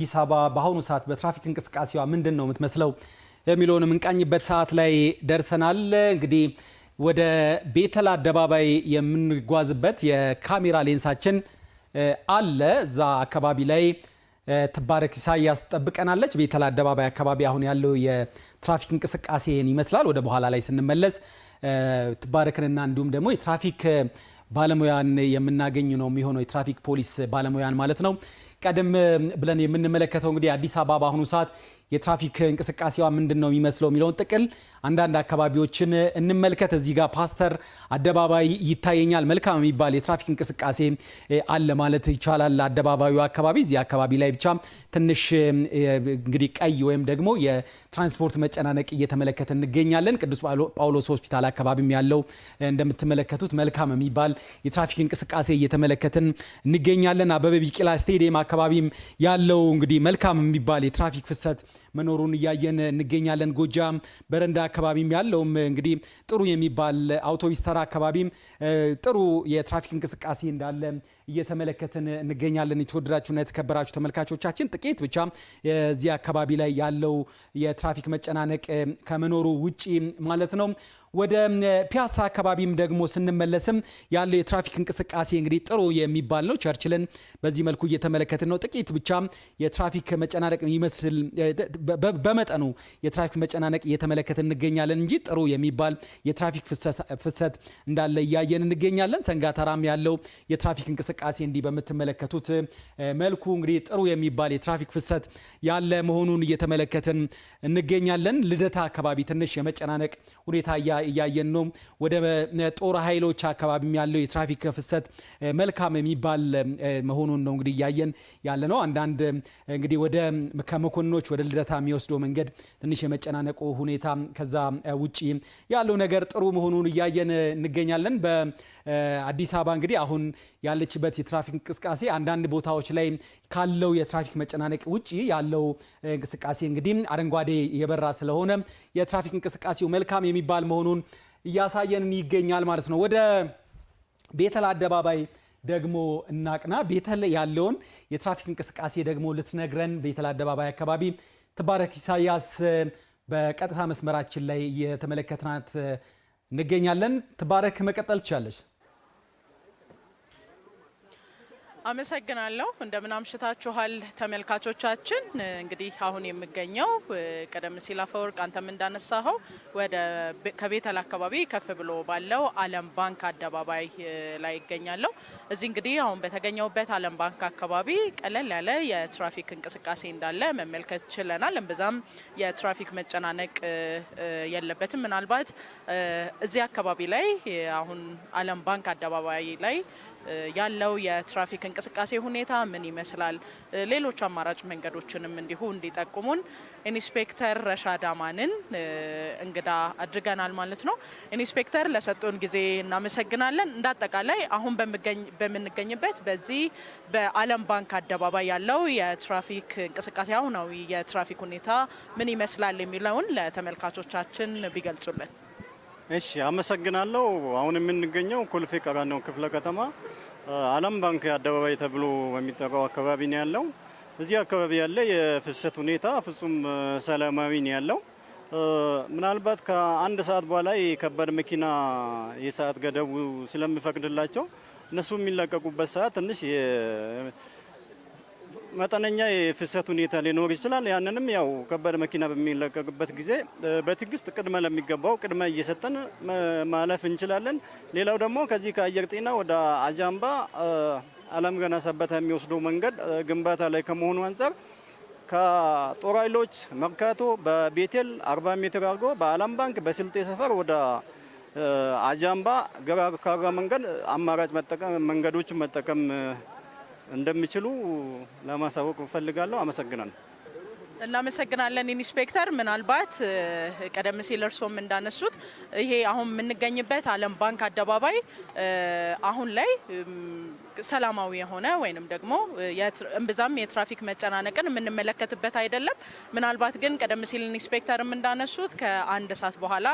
አዲስ አበባ በአሁኑ ሰዓት በትራፊክ እንቅስቃሴዋ ምንድን ነው የምትመስለው የሚለውን የምንቃኝበት ሰዓት ላይ ደርሰናል። እንግዲህ ወደ ቤተል አደባባይ የምንጓዝበት የካሜራ ሌንሳችን አለ። እዛ አካባቢ ላይ ትባረክ ኢሳያስ ጠብቀናለች። ቤተል አደባባይ አካባቢ አሁን ያለው የትራፊክ እንቅስቃሴን ይመስላል። ወደ በኋላ ላይ ስንመለስ ትባረክንና እንዲሁም ደግሞ የትራፊክ ባለሙያን የምናገኝ ነው የሚሆነው የትራፊክ ፖሊስ ባለሙያን ማለት ነው። ቀደም ብለን የምንመለከተው እንግዲህ አዲስ አበባ በአሁኑ ሰዓት የትራፊክ እንቅስቃሴዋ ምንድን ነው የሚመስለው የሚለውን ጥቅል አንዳንድ አካባቢዎችን እንመልከት። እዚህ ጋር ፓስተር አደባባይ ይታየኛል። መልካም የሚባል የትራፊክ እንቅስቃሴ አለ ማለት ይቻላል። አደባባዩ አካባቢ እዚህ አካባቢ ላይ ብቻ ትንሽ እንግዲህ ቀይ ወይም ደግሞ የትራንስፖርት መጨናነቅ እየተመለከተ እንገኛለን። ቅዱስ ጳውሎስ ሆስፒታል አካባቢም ያለው እንደምትመለከቱት መልካም የሚባል የትራፊክ እንቅስቃሴ እየተመለከትን እንገኛለን። አበበ ቢቂላ ስቴዲየም አካባቢም ያለው እንግዲህ መልካም የሚባል የትራፊክ ፍሰት መኖሩን እያየን እንገኛለን። ጎጃም በረንዳ አካባቢም ያለውም እንግዲህ ጥሩ የሚባል አውቶቢስ ተራ አካባቢም ጥሩ የትራፊክ እንቅስቃሴ እንዳለ እየተመለከትን እንገኛለን። የተወደዳችሁና የተከበራችሁ ተመልካቾቻችን ጥቂት ብቻ የዚህ አካባቢ ላይ ያለው የትራፊክ መጨናነቅ ከመኖሩ ውጪ ማለት ነው። ወደ ፒያሳ አካባቢም ደግሞ ስንመለስም ያለው የትራፊክ እንቅስቃሴ እንግዲህ ጥሩ የሚባል ነው። ቸርችልን በዚህ መልኩ እየተመለከትን ነው። ጥቂት ብቻ የትራፊክ መጨናነቅ ይመስል በመጠኑ የትራፊክ መጨናነቅ እየተመለከትን እንገኛለን እንጂ ጥሩ የሚባል የትራፊክ ፍሰት እንዳለ እያየን እንገኛለን። ሰንጋተራም ያለው የትራፊክ እንቅስቃሴ እንቅስቃሴ እንዲህ በምትመለከቱት መልኩ እንግዲህ ጥሩ የሚባል የትራፊክ ፍሰት ያለ መሆኑን እየተመለከትን እንገኛለን። ልደታ አካባቢ ትንሽ የመጨናነቅ ሁኔታ እያየን ነው። ወደ ጦር ኃይሎች አካባቢ ያለው የትራፊክ ፍሰት መልካም የሚባል መሆኑን ነው እንግዲህ እያየን ያለ ነው። አንዳንድ እንግዲህ ወደ ከመኮንኖች ወደ ልደታ የሚወስደው መንገድ ትንሽ የመጨናነቁ ሁኔታ ከዛ ውጭ ያለው ነገር ጥሩ መሆኑን እያየን እንገኛለን። በአዲስ አበባ እንግዲህ አሁን ያለችበት የትራፊክ እንቅስቃሴ አንዳንድ ቦታዎች ላይ ካለው የትራፊክ መጨናነቅ ውጭ ያለው እንቅስቃሴ እንግዲህ አረንጓዴ የበራ ስለሆነ የትራፊክ እንቅስቃሴው መልካም የሚባል መሆኑን እያሳየን ይገኛል ማለት ነው። ወደ ቤተል አደባባይ ደግሞ እናቅና። ቤተል ያለውን የትራፊክ እንቅስቃሴ ደግሞ ልትነግረን ቤተል አደባባይ አካባቢ ትባረክ ኢሳያስ በቀጥታ መስመራችን ላይ የተመለከትናት እንገኛለን። ትባረክ መቀጠል ትችላለች። አመሰግናለሁ። እንደምን አምሽታችኋል ተመልካቾቻችን። እንግዲህ አሁን የሚገኘው ቀደም ሲል አፈወርቅ አንተም እንዳነሳኸው ወደ ከቤተል አካባቢ ከፍ ብሎ ባለው ዓለም ባንክ አደባባይ ላይ ይገኛለሁ። እዚህ እንግዲህ አሁን በተገኘውበት ዓለም ባንክ አካባቢ ቀለል ያለ የትራፊክ እንቅስቃሴ እንዳለ መመልከት ችለናል። እምብዛም የትራፊክ መጨናነቅ የለበትም። ምናልባት እዚህ አካባቢ ላይ አሁን ዓለም ባንክ አደባባይ ላይ ያለው የትራፊክ እንቅስቃሴ ሁኔታ ምን ይመስላል፣ ሌሎች አማራጭ መንገዶችንም እንዲሁ እንዲጠቁሙን ኢንስፔክተር ረሻድ አማንን እንግዳ አድርገናል ማለት ነው። ኢንስፔክተር ለሰጡን ጊዜ እናመሰግናለን። እንደ አጠቃላይ አሁን በምንገኝበት በዚህ በዓለም ባንክ አደባባይ ያለው የትራፊክ እንቅስቃሴ አሁናዊ የትራፊክ ሁኔታ ምን ይመስላል የሚለውን ለተመልካቾቻችን ቢገልጹልን። እሺ፣ አመሰግናለሁ። አሁን የምንገኘው ኮልፌ ቀራኒዮ ክፍለ ከተማ አለም ባንክ አደባባይ ተብሎ በሚጠራው አካባቢ ነው ያለው። እዚህ አካባቢ ያለ የፍሰት ሁኔታ ፍጹም ሰላማዊ ነው ያለው። ምናልባት ከአንድ ሰዓት በኋላ የከባድ መኪና የሰዓት ገደቡ ስለሚፈቅድላቸው እነሱ የሚለቀቁበት ሰዓት ትንሽ መጠነኛ የፍሰት ሁኔታ ሊኖር ይችላል። ያንንም ያው ከባድ መኪና በሚለቀቅበት ጊዜ በትዕግስት ቅድመ ለሚገባው ቅድመ እየሰጠን ማለፍ እንችላለን። ሌላው ደግሞ ከዚህ ከአየር ጤና ወደ አጃምባ አለም ገና ሰበታ የሚወስደው መንገድ ግንባታ ላይ ከመሆኑ አንጻር ከጦር ኃይሎች መርካቶ በቤቴል 40 ሜትር አድርጎ በአለም ባንክ በስልጤ ሰፈር ወደ አጃምባ ገራ ካራ መንገድ አማራጭ መጠቀም መንገዶችን መጠቀም እንደሚችሉ ለማሳወቅ እፈልጋለሁ። አመሰግናለሁ። እናመሰግናለን ኢንስፔክተር። ምናልባት ቀደም ሲል እርስዎም እንዳነሱት ይሄ አሁን የምንገኝበት ዓለም ባንክ አደባባይ አሁን ላይ ሰላማዊ የሆነ ወይንም ደግሞ እምብዛም የትራፊክ መጨናነቅን የምንመለከትበት አይደለም። ምናልባት ግን ቀደም ሲል ኢንስፔክተርም እንዳነሱት ከአንድ ሰዓት በኋላ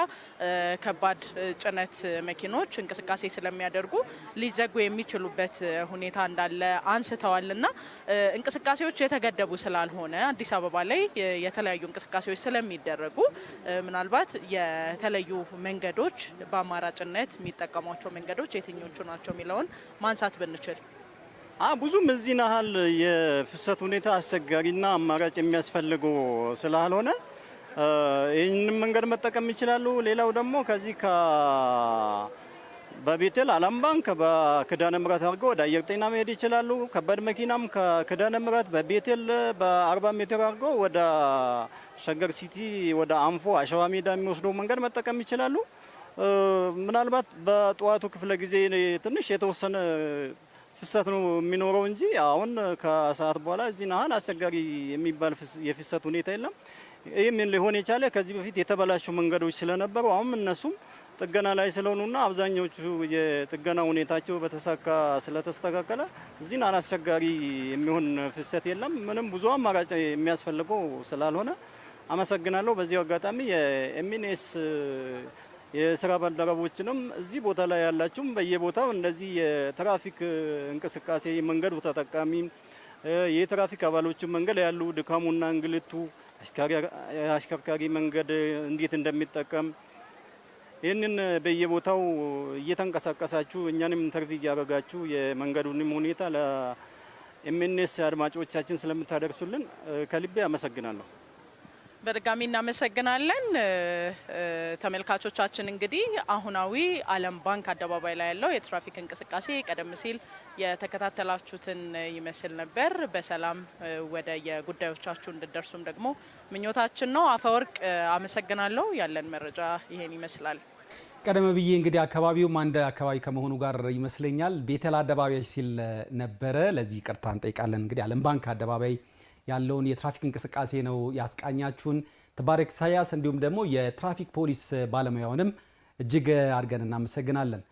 ከባድ ጭነት መኪኖች እንቅስቃሴ ስለሚያደርጉ ሊዘጉ የሚችሉበት ሁኔታ እንዳለ አንስተዋል እና እንቅስቃሴዎች የተገደቡ ስላልሆነ አዲስ አበባ ላይ የተለያዩ እንቅስቃሴዎች ስለሚደረጉ ምናልባት የተለዩ መንገዶች በአማራጭነት የሚጠቀሟቸው መንገዶች የትኞቹ ናቸው የሚለውን ማንሳት ብንችል የሚችል ብዙም እዚህ ናህል የፍሰት ሁኔታ አስቸጋሪና አማራጭ የሚያስፈልጉ ስላልሆነ ይህንን መንገድ መጠቀም ይችላሉ። ሌላው ደግሞ ከዚህ በቤቴል ዓለም ባንክ በክዳነ ምረት አድርገው ወደ አየር ጤና መሄድ ይችላሉ። ከባድ መኪናም ከክዳነ ምረት በቤቴል በአርባ ሜትር አድርገው ወደ ሸገር ሲቲ ወደ አንፎ አሸዋ ሜዳ የሚወስደው መንገድ መጠቀም ይችላሉ። ምናልባት በጠዋቱ ክፍለ ጊዜ ትንሽ የተወሰነ ፍሰት ነው የሚኖረው እንጂ አሁን ከሰዓት በኋላ እዚህ ናህል አስቸጋሪ የሚባል የፍሰት ሁኔታ የለም። ይህም ሊሆን የቻለ ከዚህ በፊት የተበላሹ መንገዶች ስለነበሩ አሁን እነሱም ጥገና ላይ ስለሆኑና አብዛኞቹ የጥገና ሁኔታቸው በተሳካ ስለተስተካከለ እዚህ ናህል አስቸጋሪ የሚሆን ፍሰት የለም። ምንም ብዙ አማራጭ የሚያስፈልገው ስላልሆነ አመሰግናለሁ። በዚህ አጋጣሚ የኤሚኔስ የስራ ባልደረቦችንም እዚህ ቦታ ላይ ያላችሁም በየቦታው እንደዚህ የትራፊክ እንቅስቃሴ መንገዱ ተጠቃሚ የትራፊክ አባሎችን መንገድ ያሉ ድካሙና እንግልቱ አሽከርካሪ መንገድ እንዴት እንደሚጠቀም ይህንን በየቦታው እየተንቀሳቀሳችሁ እኛንም ኢንተርቪ እያደረጋችሁ የመንገዱንም ሁኔታ ለኤምኤንኤስ አድማጮቻችን ስለምታደርሱልን ከልቤ አመሰግናለሁ። በድጋሚ እናመሰግናለን። ተመልካቾቻችን እንግዲህ አሁናዊ ዓለም ባንክ አደባባይ ላይ ያለው የትራፊክ እንቅስቃሴ ቀደም ሲል የተከታተላችሁትን ይመስል ነበር። በሰላም ወደ የጉዳዮቻችሁ እንድደርሱም ደግሞ ምኞታችን ነው። አፈወርቅ አመሰግናለሁ። ያለን መረጃ ይሄን ይመስላል። ቀደም ብዬ እንግዲህ አካባቢውም አንድ አካባቢ ከመሆኑ ጋር ይመስለኛል ቤተል አደባባይ ሲል ነበረ። ለዚህ ቅርታ እንጠይቃለን። እንግዲህ ዓለም ባንክ አደባባይ ያለውን የትራፊክ እንቅስቃሴ ነው ያስቃኛችሁን። ተባረክ ሳያስ እንዲሁም ደግሞ የትራፊክ ፖሊስ ባለሙያውንም እጅግ አድርገን እናመሰግናለን።